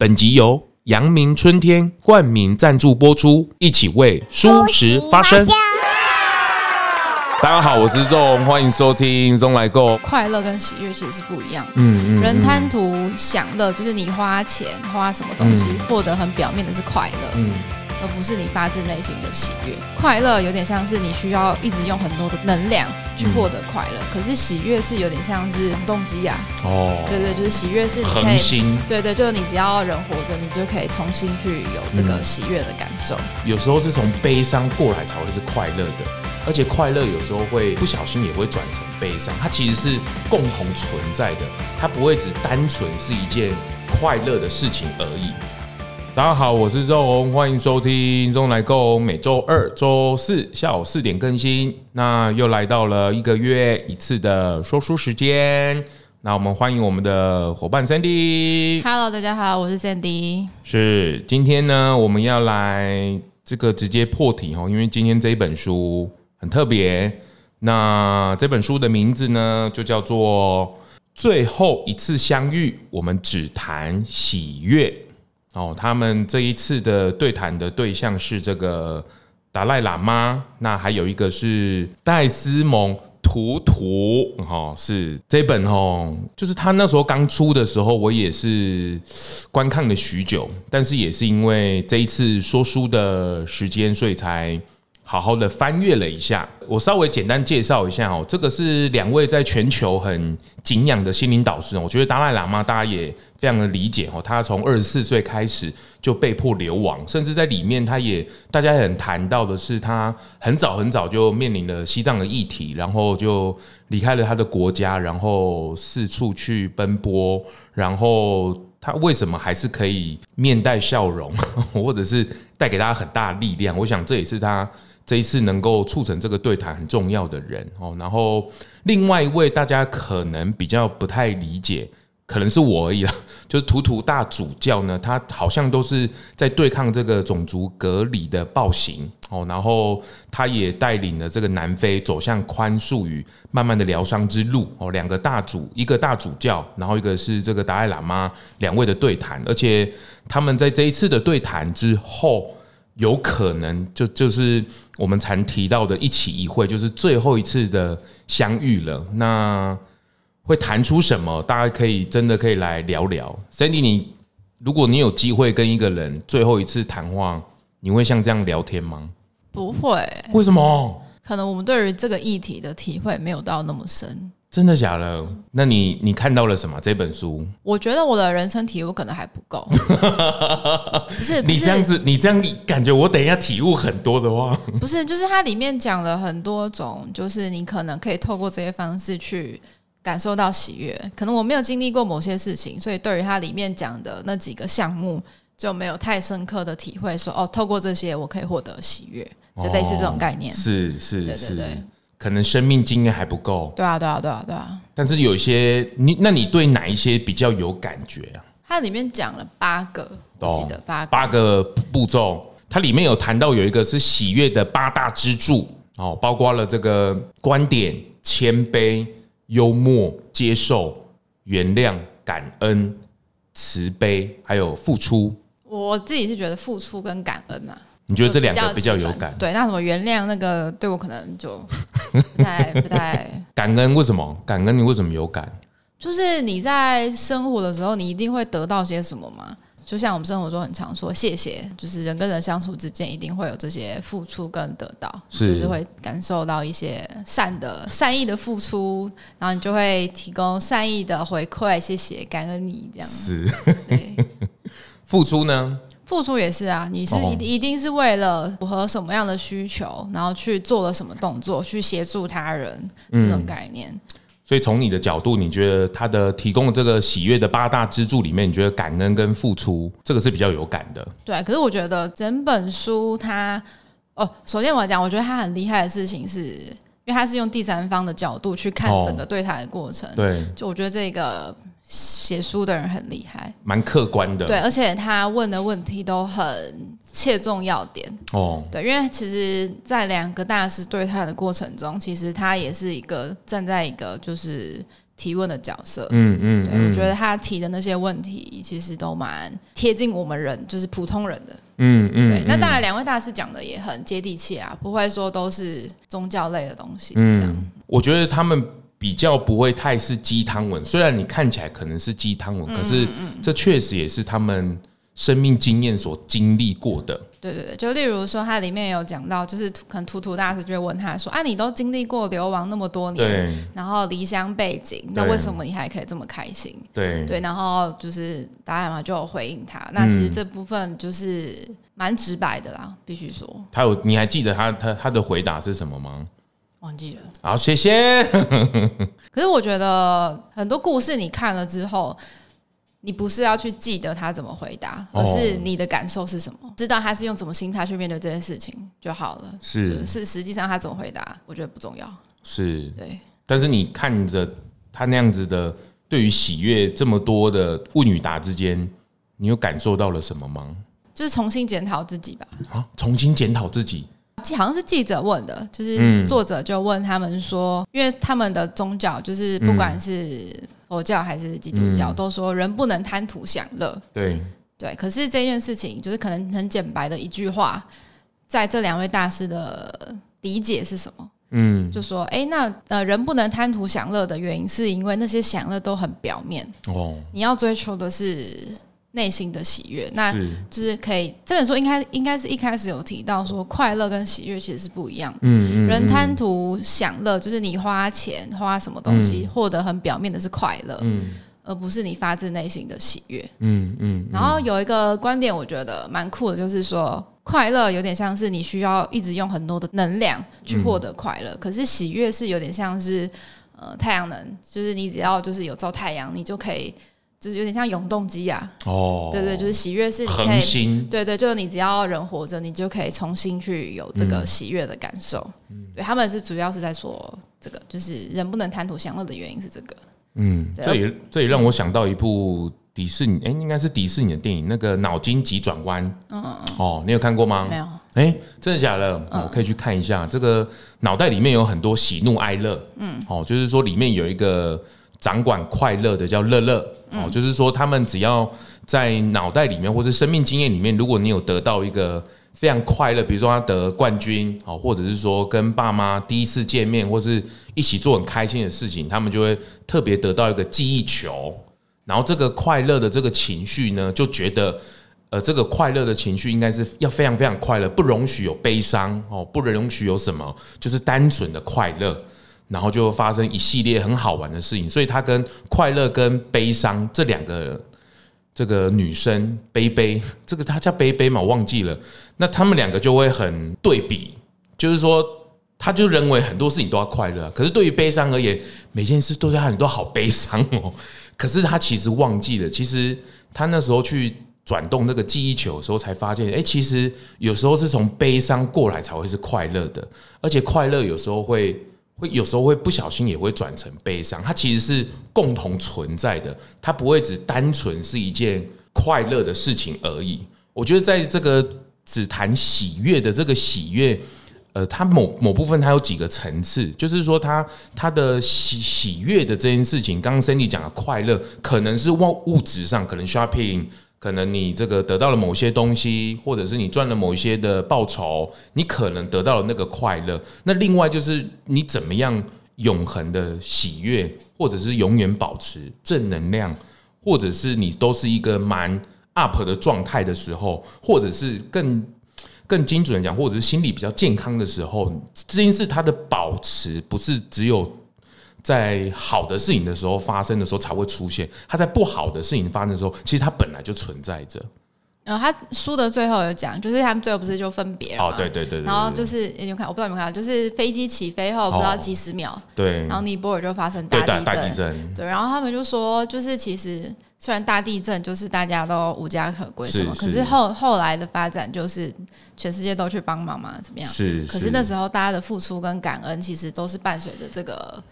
本集由陽明春天冠名贊助播出，一起為蔬食發聲。大家好，我是 ZONG，歡迎收聽 ZONG 嚨來共。快樂跟喜悅其實是不一樣。嗯嗯、嗯，人貪圖享樂，就是你花錢花什麼東西，獲、嗯、得很表面的是快樂。嗯。而不是你發自內心的喜悅，快樂有點像是你需要一直用很多的能量去獲得快樂，可是喜悅是有點像是永動機啊。哦，對對，就是喜悅是恆心。對對，就是你只要人活着，你就可以重新去有這個喜悅的感受。嗯。有時候是從悲傷過來才會是快樂的，而且快樂有時候會不小心也會轉成悲傷，它其實是共同存在的，它不會只單純是一件快樂的事情而已。大家好，我是 ZONG，歡迎收聽《ZONG 嚨來共》，每週二、週四下午四點更新。那又來到了一個月一次的說書時間。那我們歡迎我們的夥伴 Sandy。Hello，大家好，我是 Sandy。是今天呢，我們要來這個直接破題哦，因為今天這一本書很特別。那這本書的名字呢，就叫做《最後一次相遇》，我們只談喜悅。哦，他們這一次的對談的對象是這個達賴喇嘛，那還有一個是戴斯蒙·圖圖。哈、哦，是這本哦，就是他那時候剛出的時候，我也是觀看了許久，但是也是因為這一次說書的時間，所以才。好好的翻閱了一下，我稍微簡單介紹一下哦。這個是兩位在全球很敬仰的心靈導師，我覺得達賴喇嘛大家也非常的理解哦。他從二十四歲開始就被迫流亡，甚至在裡面他也大家也很談到的是，他很早很早就面臨了西藏的議題，然後就離開了他的國家，然後四處去奔波。然後他為什麼還是可以面帶笑容，或者是帶給大家很大的力量？我想這也是他。這一次能夠促成這個對談很重要的人哦，然後另外一位大家可能比較不太理解，可能是我而已了，就是圖圖大主教呢，他好像都是在對抗這個種族隔離的暴行哦，然後他也帶領了這個南非走向寬恕與慢慢的療傷之路哦，兩個大主一個大主教，然後一個是這個達賴喇嘛兩位的對談，而且他們在這一次的對談之後。有可能就就是我們才提到的一期一會，就是最後一次的相遇了。那會談出什麼？大家可以真的可以來聊聊。Cindy，你如果你有機會跟一個人最後一次談話，你會像這樣聊天嗎？不會。為什麼？可能我們對於這個議題的體會沒有到那麼深。真的假的？那你你看到了什麼？這本書？我覺得我的人生體悟，可能還不夠。 不是你這樣子，你這樣感覺我等一下體悟很多的話，不是，就是它裡面講了很多種，就是你可能可以透過這些方式去感受到喜悅。可能我沒有經歷過某些事情，所以對於它裡面講的那幾個項目就沒有太深刻的體會說。說哦，透過這些我可以獲得喜悅，就類似這種概念。哦，是，是，對對對。可能生命經驗還不夠。對啊，對啊，對啊，對啊。但是有一些你，那你對哪一些比較有感覺啊？它裡面講了八個，記得八個，八個八個步驟。它裡面有談到有一個是喜悅的八大支柱哦，包括了這個觀點、謙卑、幽默、接受、原諒、感恩、慈悲，還有付出。我自己是覺得付出跟感恩啊。你覺得這兩個比較有感？對，那什麼原諒那個對我可能就不太不太 感恩。為什麼感恩？你為什麼有感？就是你在生活的時候，你一定會得到些什麼嗎？就像我們生活中很常說謝謝，就是人跟人相處之間一定會有這些付出跟得到，是。就是會感受到一些善的善意的付出，然後你就會提供善意的回饋。謝謝感恩你這樣子。是 對，付出呢？付出也是啊，你是一一定是為了符合什麼樣的需求，oh. 然後去做了什麼動作，去協助他人、嗯、這種概念。所以從你的角度，你覺得他的提供的這個喜悅的八大支柱裡面，你覺得感恩跟付出這個是比較有感的。對，可是我覺得整本書它，哦，首先我來講，我覺得他很厲害的事情是，是因為他是用第三方的角度去看整個對談的過程。Oh. 對，就我覺得這個。寫書的人很厲害，蠻客觀的。對，而且他問的問題都很切中要點。哦，對，因為其實，在兩個大師對談的過程中，其實他也是一個站在一個就是提問的角色。嗯嗯，嗯，對我覺得他提的那些問題，其實都蠻貼近我們人，就是普通人的。嗯嗯，對，那當然兩位大師講的也很接地氣啊，不會說都是宗教類的東西。嗯，我覺得他們。比較不會太是雞湯文，雖然你看起來可能是雞湯文嗯嗯嗯，可是這確實也是他們生命經驗所經歷過的。對對對，就例如說，他裡面有講到，就是可能圖圖大師就會問他說：“啊，你都經歷過流亡那麼多年，然後離鄉背井，那為什麼你還可以這麼開心？”對對，然後就是答案嘛，就有回應他。那其實這部分就是蠻直白的啦，嗯、必須說。他有，你還記得他他他的回答是什麼嗎？忘記了，好，謝謝。 可是我覺得很多故事，你看了之後，你不是要去記得他怎麼回答，而是你的感受是什麼，知道他是用什麼心態去面對這件事情就好了。是、就是，是，實際上他怎麼回答，我覺得不重要。是，對。但是你看着他那樣子的，對於喜悅這麼多的問與答之間，你有感受到了什麼嗎？就是重新檢討自己吧。啊，重新檢討自己。好像是記者問的，就是作者就問他們說，嗯、因為他們的宗教就是不管是佛教還是基督教，嗯，都說人不能貪圖享樂，嗯。對對，可是這件事情就是可能很簡白的一句話，在這兩位大師的理解是什麼？嗯，就說哎，欸，那呃人不能貪圖享樂的原因，是因為那些享樂都很表面哦，你要追求的是。內心的喜悅，那就是可以。這本書應該應該是一開始有提到說，快樂跟喜悅其實是不一樣的。嗯嗯,嗯。人貪圖享樂，就是你花錢花什麼東西，獲得、嗯、很表面的是快樂、嗯，而不是你發自內心的喜悅。嗯嗯,嗯。然後有一個觀點，我覺得蠻酷的，就是說快樂有點像是你需要一直用很多的能量去獲得快樂、嗯，可是喜悅是有點像是呃太陽能，就是你只要就是有照太陽，你就可以。就是有點像永動機啊，哦，對對，就是喜悅是恆心，對對，就是你只要人活着，你就可以重新去有這個喜悅的感受。對，他們是主要是在說這個，就是人不能貪圖享樂的原因是這個、哦。哦、嗯，這也這也讓我想到一部迪士尼，哎、欸，應該是迪士尼的電影，那個《腦筋急轉彎》。嗯哦，你有看過嗎？沒有、欸。哎，真的假的？嗯、我可以去看一下。這個腦袋裡面有很多喜怒哀樂。嗯。哦，就是說裡面有一個。掌管快樂的叫樂樂哦，就是說他們只要在腦袋裡面或是生命經驗裡面，如果你有得到一個非常快樂，比如說他得冠軍哦，或者是說跟爸媽第一次見面，或是一起做很開心的事情，他們就會特別得到一個記憶球。然後這個快樂的這個情緒呢，就覺得呃，這個快樂的情緒應該是要非常非常快樂，不容許有悲傷哦，不容許有什麼，就是單純的快樂。然後就發生一系列很好玩的事情，所以他跟快樂跟悲傷這兩個這個女生悲悲，這個她叫悲悲嘛，我忘記了。那他們兩個就會很對比，就是說，他就認為很多事情都要快樂，可是對於悲傷而言，每件事都在很多好悲傷哦。可是他其實忘記了，其實他那時候去轉動那個記憶球的時候，才發現，哎，其實有時候是從悲傷過來才會是快樂的，而且快樂有時候會。會有時候會不小心也會轉成悲傷，它其實是共同存在的，它不會只單純是一件快樂的事情而已。我覺得在這個只談喜悅的這個喜悅，呃，它某某部分它有幾個層次，就是說它它的喜喜悅的這件事情，剛剛 Sandy 講的快樂，可能是物物質上可能 shopping。可能你這個得到了某些東西，或者是你賺了某一些的報酬，你可能得到了那個快樂。那另外就是你怎麼樣永恆的喜悅，或者是永遠保持正能量，或者是你都是一個蠻 up 的狀態的時候，或者是更更精準的講，或者是心理比較健康的時候，這件事它的保持不是只有。在好的事情的時候發生的時候才會出現，它在不好的事情發生的時候，其實它本來就存在着。呃，他輸的最後有講，就是他們最後不是就分別了、哦、對對對、對。然後就是你有看，我不知道你們看到，就是飛機起飛後不知道幾十秒、哦，對，然後尼泊爾就發生大地、大地震，對。然後他們就說，就是其實雖然大地震，就是大家都無家可歸什麼，是是，可是後後來的發展就是全世界都去幫忙嘛，怎麼樣？是？是。可是那時候大家的付出跟感恩，其實都是伴隨着這個。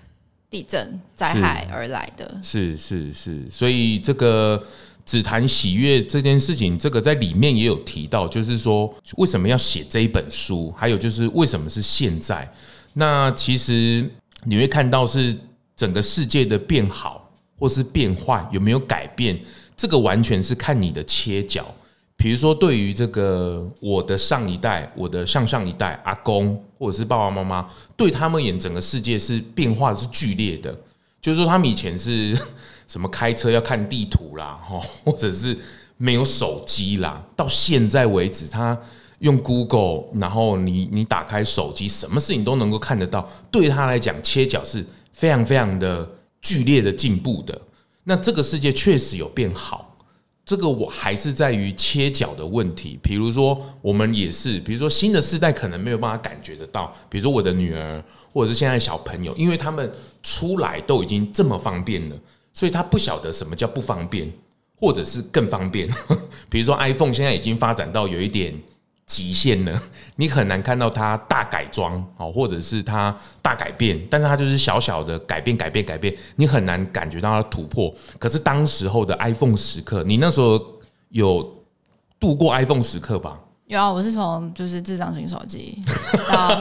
地震災害而來的是。是是是，所以這個只談喜悅這件事情，這個在裡面也有提到，就是說為什麼要寫這一本書，還有就是為什麼是現在？那其實你會看到，是整個世界的變好或是變壞，有沒有改變？這個完全是看你的切角。比如說，對於這個我的上一代、我的上上一代阿公或者是爸爸媽媽，對他們言整個世界是變化是劇烈的。就是說，他們以前是什麼開車要看地圖啦，哈，或者是沒有手機啦。到現在為止，他用 Google，然後你你打開手機，什麼事情都能夠看得到。對他來講，切角是非常非常的劇烈的進步的。那這個世界確實有變好。這個我還是在於切角的問題，比如說我們也是，比如說新的世代可能沒有辦法感覺得到，比如說我的女兒或者是現在小朋友，因為他們出來都已經這麼方便了，所以他不曉得什麼叫不方便，或者是更方便，比如說 iPhone 現在已經發展到有一點。極限呢？你很難看到它大改裝或者是它大改變，但是它就是小小的改變，改變，改變，你很難感覺到它的突破。可是當時候的 iPhone 時刻，你那時候有度過 iPhone 時刻吧？有啊，我是從就是智障型手機到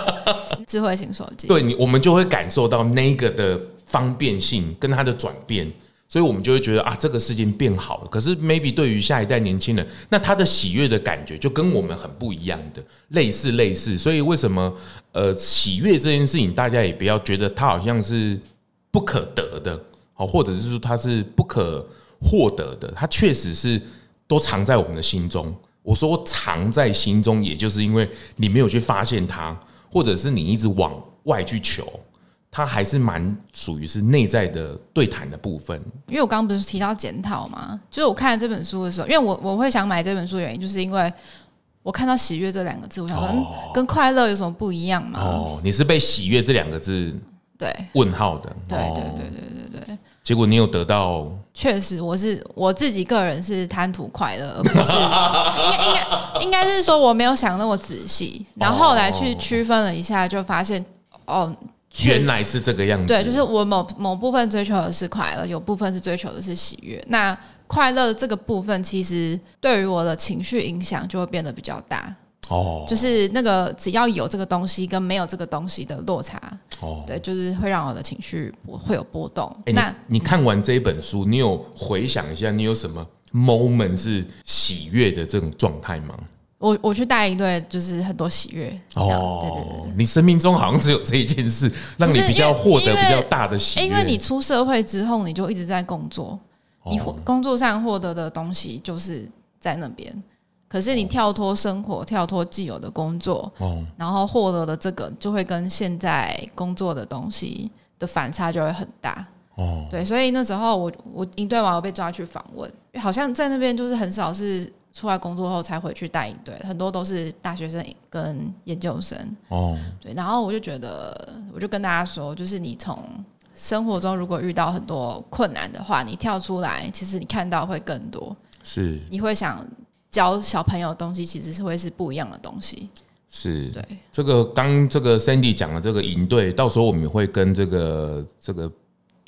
智慧型手機， 對你，我們就會感受到那個的方便性跟它的轉變。所以我們就會覺得啊，這個世界變好了。可是 maybe 對於下一代年輕人，那他的喜悅的感覺就跟我們很不一樣的，類似類似。所以為什麼呃，喜悅這件事情，大家也不要覺得它好像是不可得的，好，或者是說它是不可獲得的。它確實是都藏在我們的心中。我說藏在心中，也就是因為你沒有去發現它，或者是你一直往外去求。它還是蠻屬於是內在的對談的部分，因為我剛剛不是提到檢討嘛，就是我看了這本書的時候，因為我我會想買這本書的原因就是因為我看到“喜悅”這兩個字，我想、嗯、跟快樂有什麼不一樣嘛、哦？哦，你是被“喜悅”這兩個字對問號的，對，哦、對，對對對對對，結果你有得到？確實，我是我自己個人是貪圖快樂，而不是 應該應該應該是說我沒有想那麼仔細，然後，後來去區分了一下，就發現哦。原來是這個樣子。就是，對，就是我某某部分追求的是快樂，有部分是追求的是喜悅。那快樂這個部分，其實對於我的情緒影響就會變得比較大。哦，就是那個只要有這個東西跟沒有這個東西的落差，哦，對，就是會讓我的情緒會有波動。哦，那，欸，你，那你看完這一本書，你有回想一下，你有什麼 moment 是喜悅的這種狀態嗎？我我去帶一對，就是很多喜悅哦。對對對對，你生命中好像只有這一件事，讓你比較獲得比較大的喜悅。因為你出社會之後，你就一直在工作，哦、你工作上獲得的東西就是在那邊。哦、可是你跳脫生活，哦、跳脫既有的工作，哦、然後獲得的這個就會跟現在工作的東西的反差就會很大。哦、oh.，對，所以那時候我我營隊完了被抓去訪問，好像在那邊就是很少是出來工作後才回去帶營隊，很多都是大學生跟研究生。哦、oh.，對，然後我就覺得，我就跟大家說，就是你從生活中如果遇到很多困難的話，你跳出來，其實你看到會更多。是，你會想教小朋友東西，其實是會是不一樣的東西。是對這個，剛這個 Sandy 講的這個營隊，到時候我們也會跟這個這個。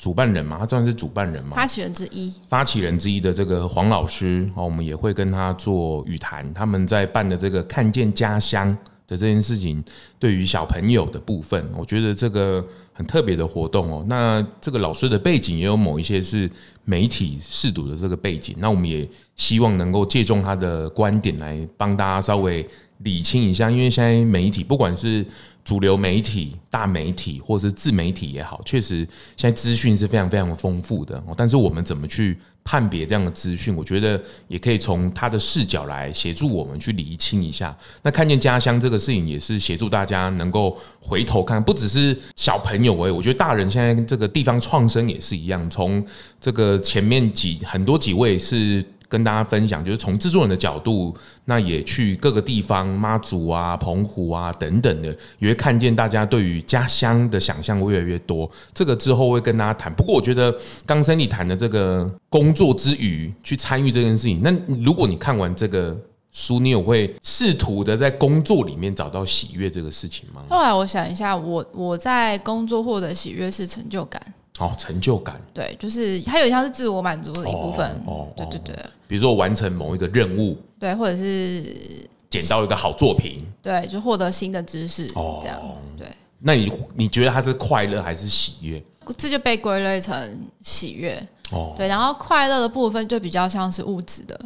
主辦人嘛，他算是主辦人嘛，發起人之一，發起人之一的這個黃老師哦，我們也會跟他做語談。他們在辦的這個“看見家鄉”的這件事情，對於小朋友的部分，我覺得這個很特別的活動哦、喔。那這個老師的背景也有某一些是媒體識讀的這個背景，那我們也希望能夠借重他的觀點來幫大家稍微。理清一下，因為現在媒體不管是主流媒體、大媒體，或是自媒體也好，確實現在資訊是非常非常的豐富的。但是我們怎麼去判別這樣的資訊？我覺得也可以從他的視角來協助我們去理清一下。那看見家鄉這個事情，也是協助大家能夠回頭看，不只是小朋友誒，我覺得大人現在這個地方創生也是一樣。從這個前面幾很多幾位是。跟大家分享，就是從制作人的角度，那也去各個地方，馬祖啊、澎湖啊等等的，也會看見大家對於家鄉的想象會越來越多。這個之後會跟大家談。不過我覺得，剛才你談的這個工作之餘去參與這件事情，那如果你看完這個書，你有會試圖的在工作裡面找到喜悅這個事情嗎？後來我想一下，我我在工作獲得喜悅是成就感。哦，成就感，對，就是它有點像是自我滿足的一部分，哦、oh, oh,，oh, 對對對。比如說完成某一個任務，對，或者是剪到一個好作品，對，就獲得新的知識、oh,，這樣，對。那你你覺得它是快樂還是喜悅？這就被歸類成喜悅，哦、oh,，對，然後快樂的部分就比較像是物質的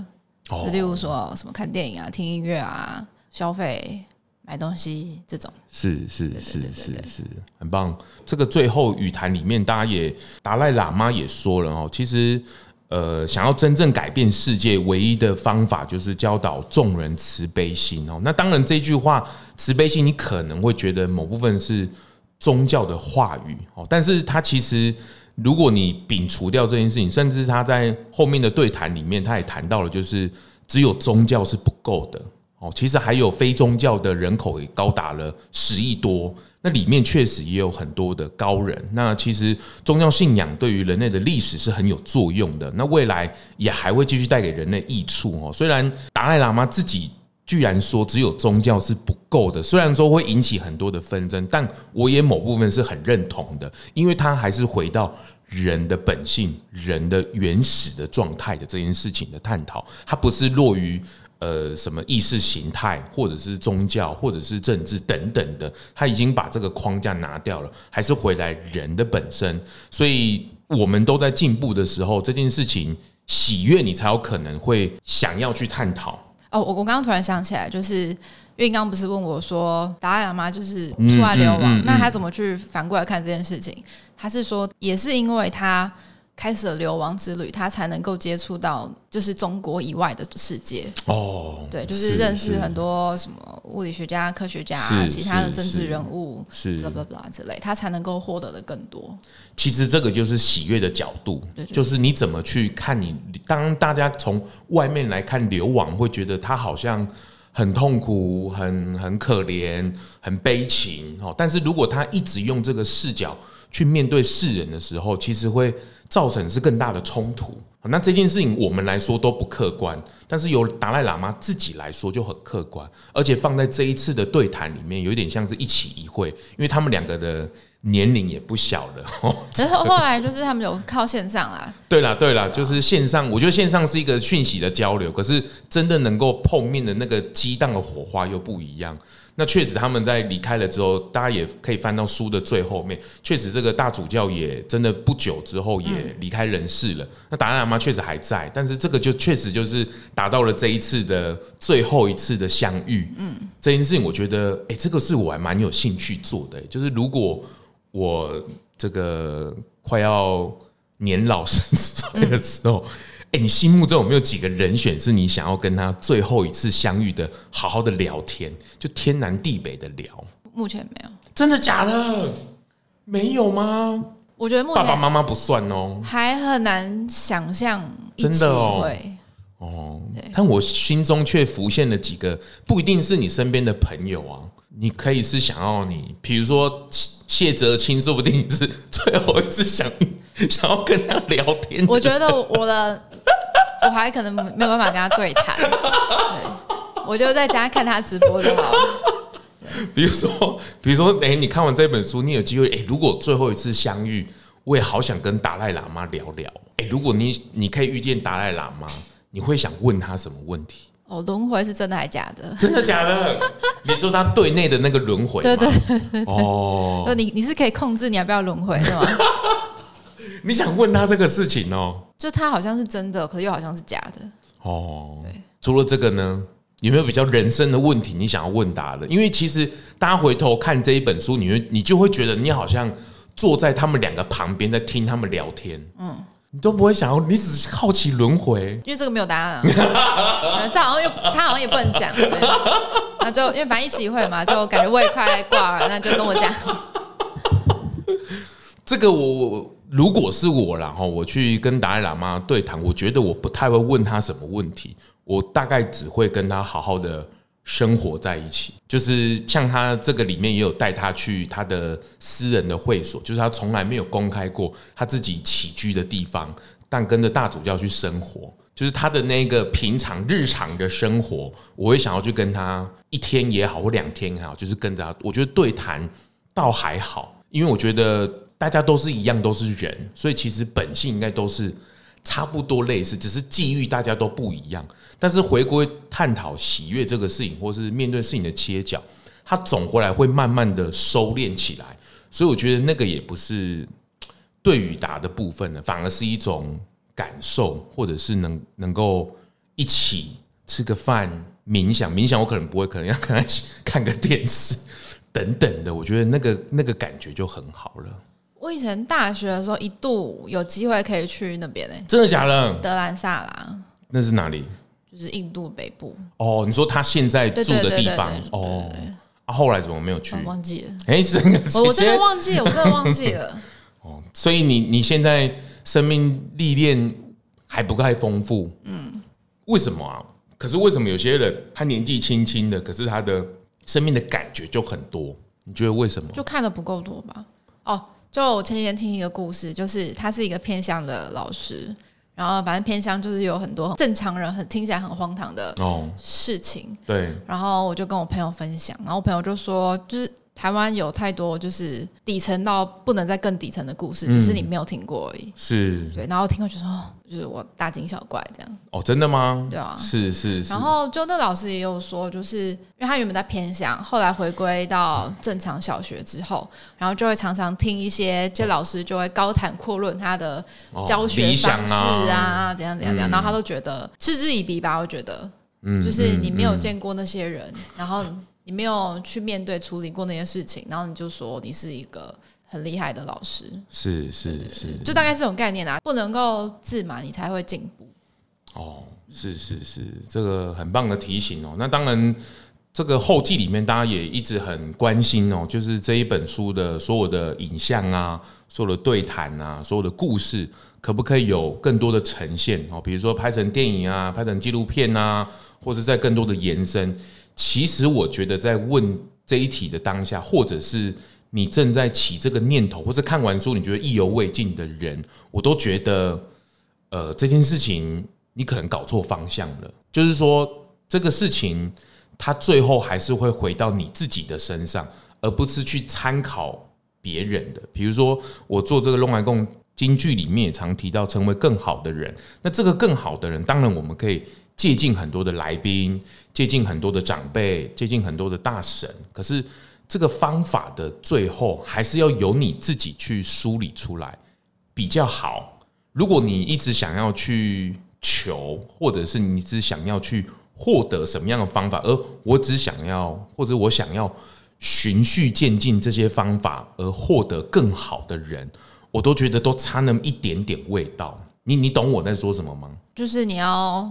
，oh, 就例如說什麼看電影啊、聽音樂啊、消費。買東西這種是是，對對對對，是是是，是，很棒。這個最後語談裡面，大家也達賴喇嘛也說了哦，其實呃，想要真正改變世界，唯一的方法就是教導眾人慈悲心哦。那當然，這句話慈悲心，你可能會覺得某部分是宗教的話語哦，但是他其實，如果你摒除掉這件事情，甚至他在後面的對談裡面，他也談到了，就是只有宗教是不夠的。其實還有非宗教的人口也高達了十億多，那裡面確實也有很多的高人。那其實宗教信仰對於人類的歷史是很有作用的，那未來也還會繼續帶給人類益處哦。雖然達賴喇嘛自己居然說只有宗教是不夠的，雖然說會引起很多的紛爭，但我也某部分是很認同的，因為他還是回到人的本性、人的原始的狀態的這件事情的探討，他不是落於。呃，什麼意識形態，或者是宗教，或者是政治等等的，他已經把這個框架拿掉了，還是回來人的本身。所以，我們都在進步的時候，這件事情喜悅，你才有可能會想要去探討。哦，我我剛剛突然想起來，就是因為你剛不是問我說，達賴喇嘛就是出來流亡、啊嗯嗯嗯嗯，那他怎麼去反過來看這件事情？他是說，也是因為他。開始了流亡之旅，他才能夠接觸到就是中國以外的世界哦，對，就是認識很多什麼物理學家、科學家、啊、其他的政治人物，是，blah blah blah 之類，他才能夠獲得的更多。其實這個就是喜悅的角度，對對對，就是你怎麼去看你。當大家從外面來看流亡，會覺得他好像很痛苦、很很可憐、很悲情哦。但是如果他一直用這個視角去面對世人的時候，其實會。造成是更大的衝突。那這件事情我們來說都不客觀，但是由達賴喇嘛自己來說就很客觀，而且放在這一次的對談裡面，有點像是一期一會，因為他們兩個的年齡也不小了。之後後來就是他們有靠線上啊。對了對了，就是線上，我覺得線上是一個訊息的交流，可是真的能夠碰面的那個激盪的火花又不一樣。那確實，他們在離開了之後，大家也可以翻到書的最後面，確實這個大主教也真的不久之後也離開人世了。嗯、那達賴喇嘛確實還在，但是這個就確實就是達到了這一次的最後一次的相遇。嗯，這件事情我覺得，哎、欸，這個是我還蠻有興趣做的、欸，就是如果我這個快要年老身衰的時候。嗯 哎、欸，你心目中有沒有幾個人選是你想要跟他最後一次相遇的，好好的聊天，就天南地北的聊？目前沒有，真的假的？沒有嗎？我覺得目前，爸爸媽媽不算哦，還很難想象，真的哦。哦，但我心中卻浮現了幾個，不一定是你身邊的朋友啊，你可以是想要你，比如說謝哲青，說不定是最後一次想想要跟他聊天。我覺得我的。我還可能沒有辦法跟他對談，對，我就在家看他直播就好了。比如說，比如說，哎、欸，你看完這本書，你有機會，哎、欸，如果最後一次相遇，我也好想跟達賴喇嘛聊聊。哎、欸，如果你你可以遇見達賴喇嘛，你會想問他什麼問題？哦，輪迴是真的還是假的？真的假的？你說他對內的那個輪迴？對對，對，對、oh，哦，那你你是可以控制你要不要輪迴是嗎？ 你想問他這個事情哦。就他好像是真的，可是又好像是假的哦。對，除了這個呢，有沒有比較人生的問題你想要問答的？因為其實大家回頭看這一本書，你會你就會覺得你好像坐在他們兩個旁邊在聽他們聊天。嗯，你都不會想，你只是好奇輪迴，因為這個沒有答案啊 啊。這好像又他好像也不能講。那就因為反正一起會嘛，就感覺我也快掛了，那就跟我講。 這個我我。如果是我，然後我去跟達賴喇嘛對談，我覺得我不太會問他什麼問題，我大概只會跟他好好的生活在一起。就是像他這個裡面也有帶他去他的私人的會所，就是他從來沒有公開過他自己起居的地方，但跟着大主教去生活，就是他的那個平常日常的生活，我會想要去跟他一天也好，或兩天也好，就是跟着他。我覺得對談倒還好，因為我覺得。大家都是一樣，都是人，所以其實本性應該都是差不多類似，只是際遇大家都不一樣。但是回歸探討喜悅這個事情，或是面對事情的切角，它總回來會慢慢的收斂起來。所以我覺得那個也不是對與答的部分了，反而是一種感受，或者是能能夠一起吃個飯、冥想。冥想我可能不會，可能要跟他一起看個電視等等的。我覺得那個那個感覺就很好了。我以前大學的時候，一度有機會可以去那邊呢、欸。真的假的？就是、德蘭薩拉？那是哪裡？就是印度北部。哦，你說他現在住的地方？對對對對對對對對哦，對對對，啊，後來怎麼沒有去？忘記了。哎、欸，真的我真的忘記？我真的忘記了，我真的忘記了。 哦，所以你你現在生命歷練還不太豐富。嗯。為什麼啊？可是為什麼有些人他年紀輕輕的，可是他的生命的感覺就很多？你覺得為什麼？就看的不夠多吧。哦。就我前幾天聽一個故事，就是他是一個偏鄉的老師，然後反正偏鄉就是有很多很正常人很聽起來很荒唐的事情，哦，對。然後我就跟我朋友分享，然後我朋友就說，就是。台灣有太多就是底層到不能再更底層的故事，嗯，只是你沒有聽過而已。是，對。然後聽過就說，就是我大驚小怪這樣。哦，真的嗎？對啊。是是是。然後就那老師也有說，就是因為他原本在偏鄉，後來回歸到正常小學之後，然後就會常常聽一些，這老師就會高談闊論他的教學方式啊、哦、啊，怎樣怎樣怎樣，嗯、然後他都覺得嗤之以鼻吧。我覺得，嗯，就是你沒有見過那些人，嗯嗯嗯、然後。你沒有去面對處理過那些事情，然後你就說你是一個很厲害的老師，是是是，就大概是這種概念啊，不能夠自滿，你才會進步。哦，是是是，這個很棒的提醒哦。那當然，這個後記裡面大家也一直很關心哦，就是這一本書的所有的影像啊，所有的對談啊，所有的故事，可不可以有更多的呈現哦？比如說拍成電影啊，拍成紀錄片啊，或者在更多的延伸。其實我覺得，在問這一題的當下，或者是你正在起這個念頭，或者看完書你覺得意猶未盡的人，我都覺得，呃，這件事情你可能搞錯方向了。就是說，這個事情它最後還是會回到你自己的身上，而不是去參考別人的。比如說，我做這個嚨來共京劇裡面也常提到，成為更好的人。那這個更好的人，當然我們可以借鑑很多的來賓。接近很多的長輩，接近很多的大神，可是這個方法的最後還是要由你自己去梳理出來比較好。如果你一直想要去求，或者是你只想要去獲得什麼樣的方法，而我只想要，或者我想要循序漸進這些方法而獲得更好的人，我都覺得都差那麼一點點味道。你你懂我在說什麼嗎？就是你要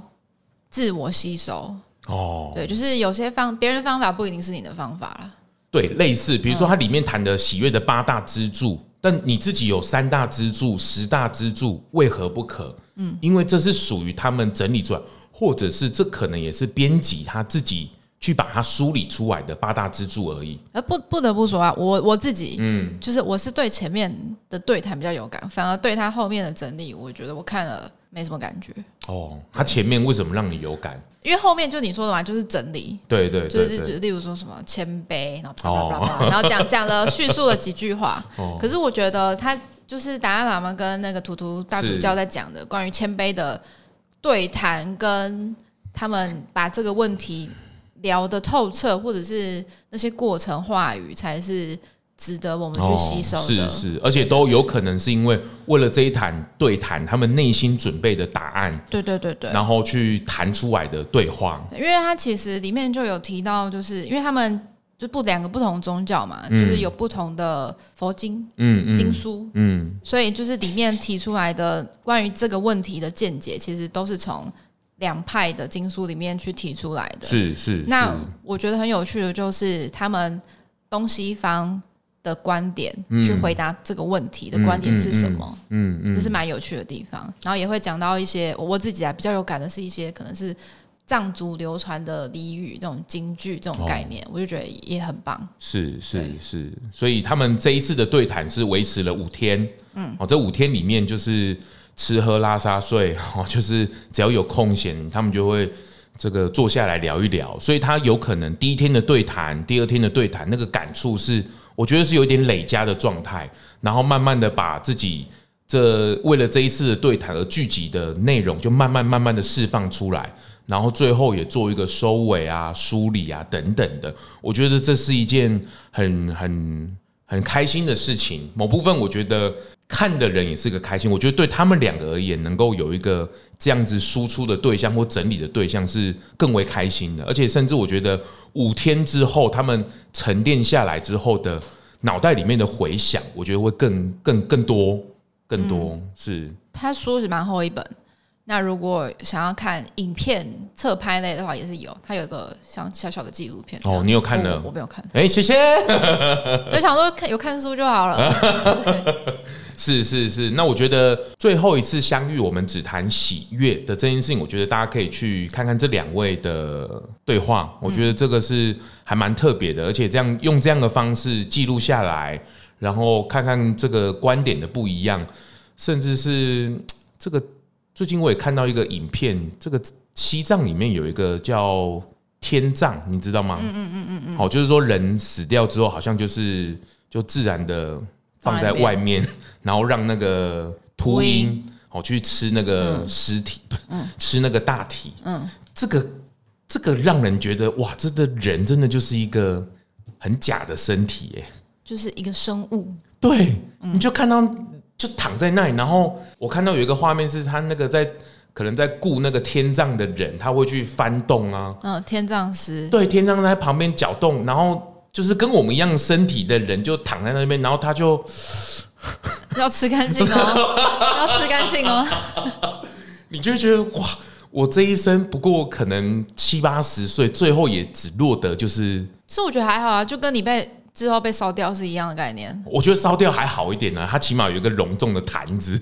自我吸收。哦，對，就是有些方別人的方法不一定是你的方法啦。對，類似比如說他裡面談的喜悅的八大支柱、嗯，但你自己有三大支柱、十大支柱，為何不可？嗯，因為這是屬於他們整理出來，或者是這可能也是編輯他自己去把它梳理出來的八大支柱而已。嗯、不，不得不說啊，我我自己，嗯，就是我是對前面的對談比較有感，反而對他後面的整理，我覺得我看了。沒什麼感覺哦、oh,，他前面為什麼讓你有感？因為後面就你說的嘛，就是整理，對對對，對、就是對，就例如說什麼謙卑，然後啪啪啪，oh. 然後講講了敘述了幾句話。Oh. 可是我覺得他就是達賴喇嘛跟那個圖圖大主教在講的關於謙卑的對談，跟他們把這個問題聊得透徹，或者是那些過程話語才是。值得我們去吸收的。哦，是是，而且都有可能是因為為了這一談，對談，他們內心準備的答案，對對對對，然後去談出來的對話。哦。是是因為它其實裡面就有提到，就是因為他們就不兩個不同宗教嘛，就是有不同的佛經，嗯，經書，嗯，嗯，所以就是裡面提出來的關於這個問題的見解，其實都是從兩派的經書裡面去提出來的。是是，是，那我覺得很有趣的，就是他們東西方。的觀點、嗯、去回答這個問題的觀點是什麼？嗯，嗯嗯嗯，這是蠻有趣的地方。嗯嗯、然後也會講到一些我自己啊比較有感的，是一些可能是藏族流傳的俚語、這種金句這種概念，哦、我就覺得也很棒。是是是，是，所以他們這一次的對談是維持了五天。嗯，哦，這五天裡面就是吃喝拉撒睡，哦，就是只要有空閒，他們就會這個坐下來聊一聊。所以他有可能第一天的對談，第二天的對談，那個感觸是。我覺得是有一點累加的狀態，然後慢慢的把自己這為了這一次的對談而聚集的內容，就慢慢慢慢的釋放出來，然後最後也做一個收尾啊、梳理啊等等的。我覺得這是一件很很。很開心的事情，某部分我覺得看的人也是個開心。我覺得對他們兩個而言，能夠有一個這樣子輸出的對象或整理的對象是更為開心的。而且甚至我覺得五天之後他們沉澱下來之後的腦袋裡面的回響，我覺得會更更更多更多是、嗯。他書是蠻厚一本的。那如果想要看影片側拍類的話，也是有，它有一個像小,小小的紀錄片哦。你有看了？我沒有看、欸。哎，謝謝。 我想說，看有看書就好了 是。是是是。那我覺得最後一次相遇，我們只談喜悅的這件事情，我覺得大家可以去看看這兩位的對話。我覺得這個是還蠻特別的，而且這樣用這樣的方式記錄下來，然後看看這個觀點的不一樣，甚至是這個。最近我也看到一個影片，這個西藏裡面有一個叫天葬，你知道嗎？嗯嗯嗯嗯好、哦，就是說人死掉之後，好像就是就自然的放在外面，然後讓那個禿鷹好去吃那個屍體、嗯，吃那個大體。嗯，這個這個讓人覺得哇，這個人真的就是一個很假的身體、欸，耶，就是一個生物。對，嗯、你就看到。就躺在那裡，然後我看到有一個畫面，是他那個在可能在雇那個天葬的人，他會去翻動啊，嗯，天葬師，對，天葬師在旁邊攪動，然後就是跟我們一樣身體的人就躺在那邊，然後他就要吃乾淨哦，要吃乾淨哦， 喔、 你就覺得哇，我這一生不過可能七八十歲，最後也只落得就是，所以我覺得還好啊，就跟你被。之後被燒掉是一樣的概念。我覺得燒掉還好一點呢、啊，它起碼有一個隆重的壇子，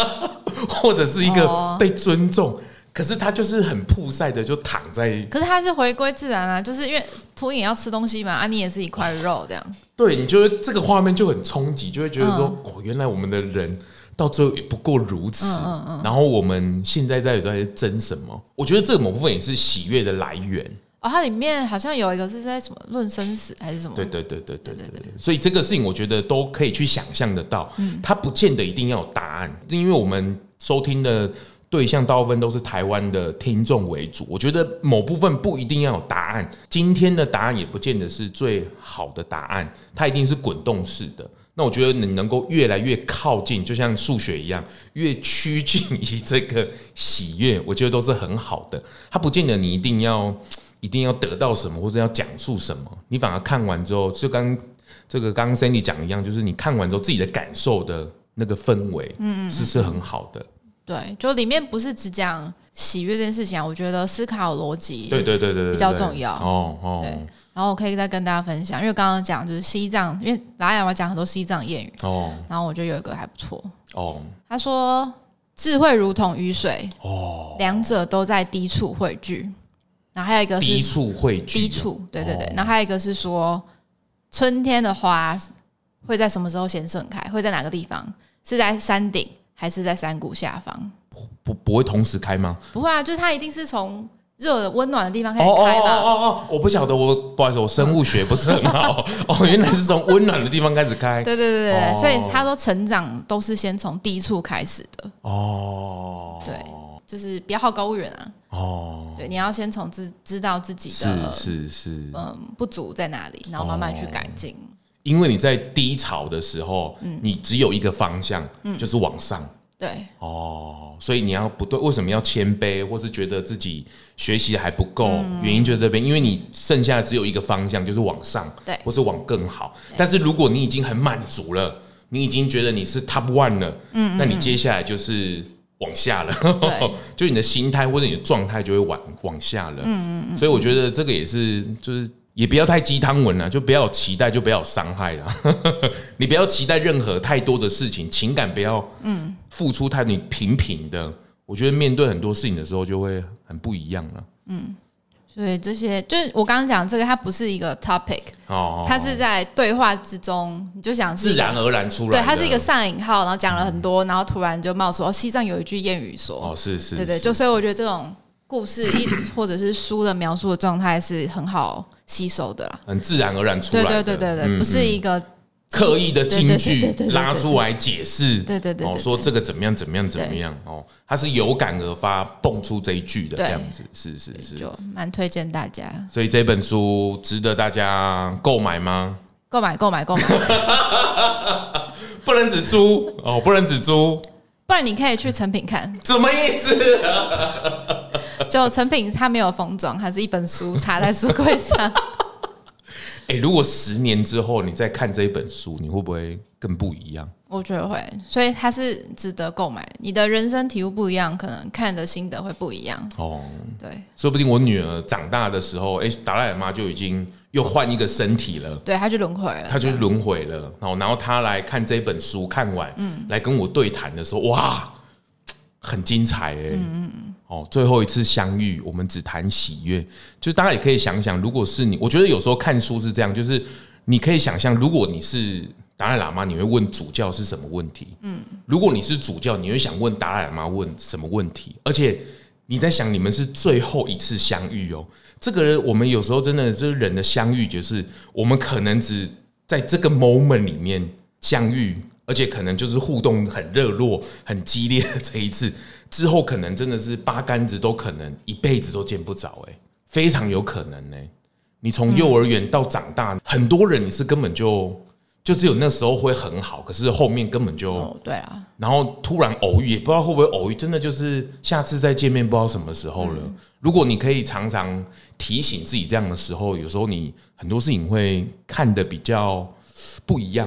或者是一個被尊重。哦、可是他就是很曝曬的，就躺在。可是他是回歸自然啊，就是因為禿鷹要吃東西嘛，啊你也是一塊肉這樣。嗯、對，你覺得這個畫面就很衝擊，就會覺得說、嗯，哦，原來我們的人到最後也不過如此嗯嗯嗯。然後我們現在在在爭什麼？我覺得這個某部分也是喜悅的來源。哦、它裡面好像有一個是在什麼論生死還是什麼？對對對對對對對，對。所以這個事情我覺得都可以去想象得到，嗯，它不見得一定要有答案，因為我們收聽的對象大部分都是台灣的聽眾為主，我覺得某部分不一定要有答案，今天的答案也不見得是最好的答案，它一定是滾動式的。那我覺得你能夠越來越靠近，就像數學一樣，越趨近於這個喜悅，我覺得都是很好的。它不見得你一定要。一定要得到什麼，或者要講述什麼，你反而看完之後，就跟這個剛剛 Cindy 講一樣，就是你看完之後自己的感受的那個氛圍，嗯嗯，是是很好的。對，就裡面不是只講喜悅這件事情啊，我覺得思考邏輯，對對對對對比較重要哦,哦對，然後我可以再跟大家分享，因為剛剛講就是西藏，因為拉雅我講很多西藏諺語哦，然後我覺得有一個還不錯哦，他說智慧如同雨水哦，兩者都在低處汇聚。然後還有一個是低處匯聚，低處，對對對。然後還有一個是說，春天的花會在什麼時候先盛開？會在哪個地方？是在山頂還是在山谷下方不？不不會同時開嗎？不會啊，就是它一定是從熱的溫暖的地方開始開吧、哦？哦哦哦，哦哦哦，我不曉得，我不好意思，我生物學不是很好。 哦，原來是從溫暖的地方開始開。 對對對對，哦，哦，所以他說成長都是先從低處開始的。哦，對，就是不要好高騖遠啊。哦、oh,，對，你要先從自知道自己的是是是，嗯、呃，不足在哪裡，然後慢慢去改進。Oh, 因為你在低潮的時候，嗯，你只有一個方向，嗯、就是往上。對，哦、oh,，所以你要不對，為什麼要謙卑，或是覺得自己學習還不夠、嗯？原因就是這邊，因為你剩下的只有一個方向，就是往上，對，或是往更好。但是如果你已經很滿足了，你已經覺得你是 top one 了，嗯，嗯，嗯，嗯，那你接下來就是。往下了， 就你的心態或者你的狀態就會往往下了、嗯。所以我覺得這個也是，就是也不要太雞湯文了，就不要有期待，就不要有傷害了。 你不要期待任何太多的事情，情感不要付出太、嗯、你平平的，我覺得面對很多事情的時候就會很不一樣了。嗯。對，這些就是我剛剛講這個，它不是一個 topic、哦、它是在對話之中，你就想自然而然出來的，對，它是一個上引號，然後講了很多、嗯，然後突然就冒出哦，西藏有一句諺語說，哦，是是，是，對對，對，是是是，就所以我覺得這種故事一咳咳或者是書的描述的狀態是很好吸收的啦，很自然而然出來的，對對對對對，嗯嗯，不是一個。刻意的金句拉出來解釋，哦，說這個怎麼樣，怎麼樣，怎麼樣，哦，他是有感而發蹦出這一句的這樣子，是是是，是，就蠻推薦大家。所以這本書值得大家購買嗎？購買，購買，購買， 不能只指租哦， 不能只指租， 不然你可以去誠品看，什麼意思？就 誠品它沒有封裝，它是一本書插在書櫃上。 欸、如果十年之後你再看這一本書，你會不會更不一樣？我覺得會，所以它是值得購買。你的人生體悟不一樣，可能看的心得會不一樣。哦，對，說不定我女兒長大的時候，哎、欸，達賴喇嘛就已經又換一個身體了，嗯、對，她就輪迴了，她就輪迴了。然後她來看這本書，看完，嗯，來跟我對談的時候，哇！很精彩。哎、欸，嗯嗯，哦，最後一次相遇，我們只談喜悅，就大家也可以想想，如果是你，我覺得有時候看書是這樣，就是你可以想象，如果你是達賴喇嘛，你會問主教是什麼問題？嗯，如果你是主教，你會想問達賴喇嘛問什麼問題？而且你在想，你們是最後一次相遇哦，這個人我們有時候真的是，這、就是、人的相遇就是，我們可能只在這個 moment 裡面相遇。而且可能就是互動很熱絡、很激烈的這一次之後，可能真的是八竿子都可能一輩子都見不着，哎，非常有可能呢、欸。你從幼兒園到長大，很多人你是根本就就只有那時候會很好，可是後面根本就對啊。然後突然偶遇，也不知道會不會偶遇，真的就是下次再見面不知道什麼時候了。如果你可以常常提醒自己，這樣的時候，有時候你很多事情會看得比較不一樣。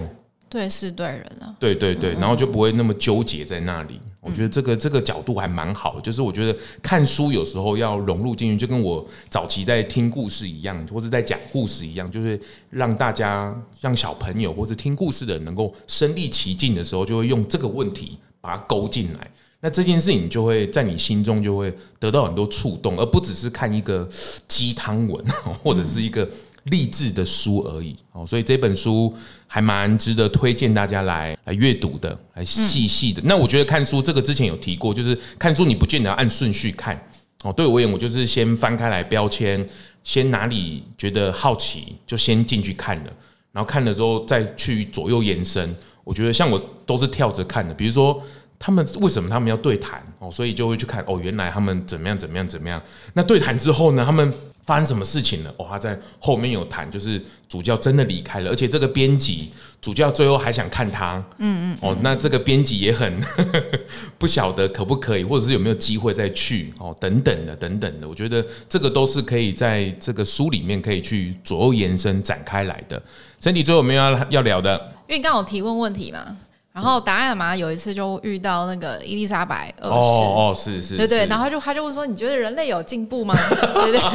對，是對人了。對對對、嗯，然後就不會那麼糾結在那裡。嗯、我覺得這個這個角度還蠻好的，就是我覺得看書有時候要融入進去，就跟我早期在聽故事一樣，或者在講故事一樣，就是讓大家像小朋友或者聽故事的人能夠身歷其境的時候，就會用這個問題把它勾進來，那這件事情就會在你心中就會得到很多觸動，而不只是看一個雞湯文或者是一個、嗯。勵志的書而已，哦，所以這本書還蠻值得推薦大家來來閱讀的，來細細的、嗯。那我覺得看書這個之前有提過，就是看書你不見得要按順序看，哦，對我也我就是先翻開來標籤，先哪裡覺得好奇就先進去看了，然後看了之後再去左右延伸。我覺得像我都是跳着看的，比如說。他們為什麼他們要對談哦？所以就會去看哦，原來他們怎麼樣怎麼樣怎麼樣？那對談之後呢？他們發生什麼事情了？哦，他在後面有談，就是主教真的離開了，而且這個編輯主教最後還想看他，嗯嗯，哦，那這個編輯也很 不曉得可不可以，或者是有沒有機會再去哦，等等的，等等的。我覺得這個都是可以在這個書裡面可以去左右延伸展開來的。身體最後沒有要要聊的？因為你剛有提問問題嘛。然後達賴喇嘛，有一次就遇到那個伊麗莎白。哦哦，是是。對對，然後就他就會說：“你覺得人類有進步嗎？”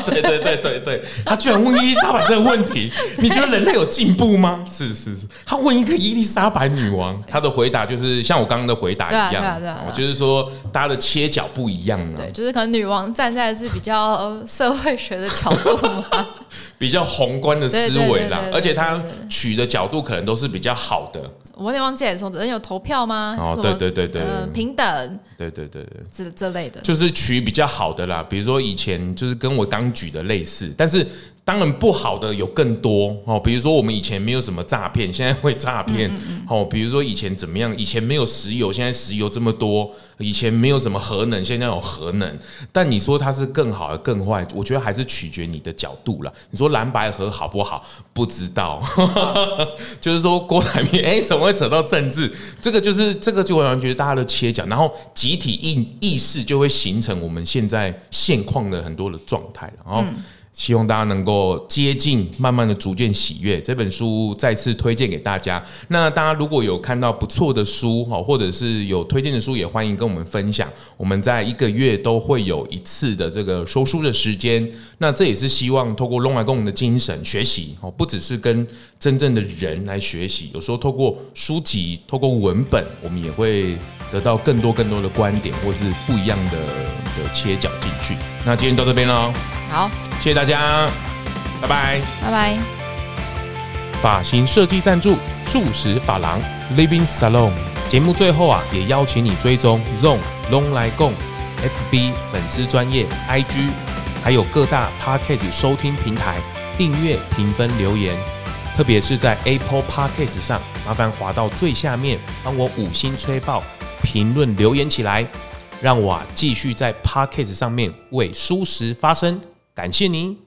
對對對對對,對他居然問伊麗莎白這個問題：“ 你覺得人類有進步嗎？”是是是，他問一個伊麗莎白女王，她的回答就是像我剛剛的回答一樣，對啊對啊對啊對啊、就是說大家的切角不一樣嘛。對，就是可能女王站在的是比較社會學的角度嘛， 比較宏觀的思維啦，對對對對對對對對而且她取的角度可能都是比較好的。我有點忘記說，人有投票嗎？哦，對對對對，對，對、呃，平等，對對對對這，這這類的，就是取比較好的啦，比如說以前就是跟我剛舉的類似，但是。當然不好的有更多哦，比如說我們以前沒有什麼詐騙，現在會詐騙哦。比如說以前怎麼樣？以前沒有石油，現在石油這麼多。以前沒有什麼核能，現在有核能。但你說它是更好還是更壞？我覺得還是取決你的角度了。你說藍白合好不好？不知道、嗯。嗯嗯、就是說郭台銘，哎，怎麼會扯到政治？這個就是這個就讓人覺得大家都切角，然後集體意意識就會形成我們現在現況的很多的狀態然後、嗯。希望大家能夠接近，慢慢的逐漸喜悅。這本書再次推薦給大家。那大家如果有看到不錯的書或者是有推薦的書，也歡迎跟我們分享。我們在一個月都會有一次的這個收書的時間。那這也是希望透過嚨來共的精神學習哦，不只是跟真正的人來學習。有時候透過書籍，透過文本，我們也會得到更多更多的觀點，或是不一樣的的切角進去。那今天到這邊嘍，好。謝謝大家，拜拜拜拜！髮型設計贊助：素食髮廊 LieblingSalon。節目最後啊，也邀請你追蹤 ZONG 嚨來共 FB 粉絲專頁 IG，還有各大 Podcast 收聽平台訂閱、評分、留言。特別是在 Apple Podcast 上，麻煩滑到最下面，幫我五星吹爆、評論留言起來，讓我啊繼續在 Podcast 上面為蔬食發聲。感謝您。